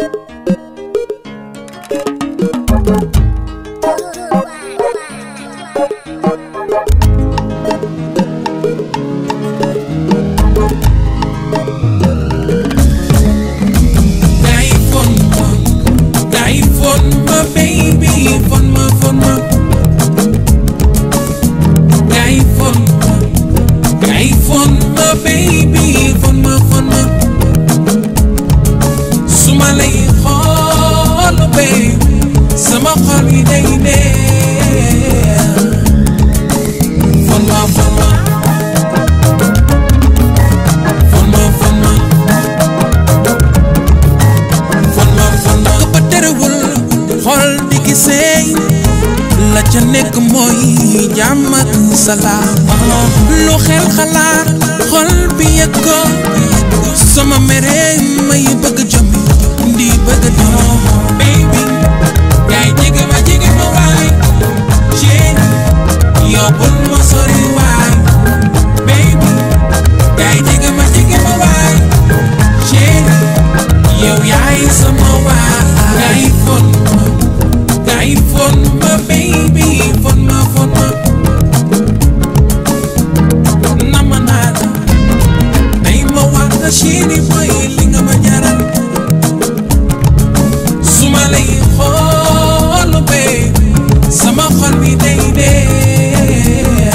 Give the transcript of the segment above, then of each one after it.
Thank you. ca nekk mooy jàmm ak salaam xel xalaat xol bi yëg ko sama mere may bëgg machine yi boy li nga ma jaral su ma lay xool bee sama xol bi day dee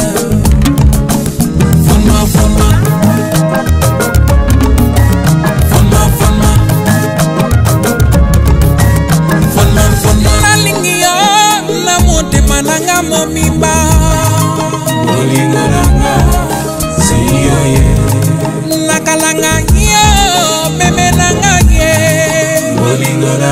fon ma fon ma fon ma fon ma fon ma fon ma. Alingi ya na mote mananga mo mimba. sakala nga yo meme na nga ye bolingo na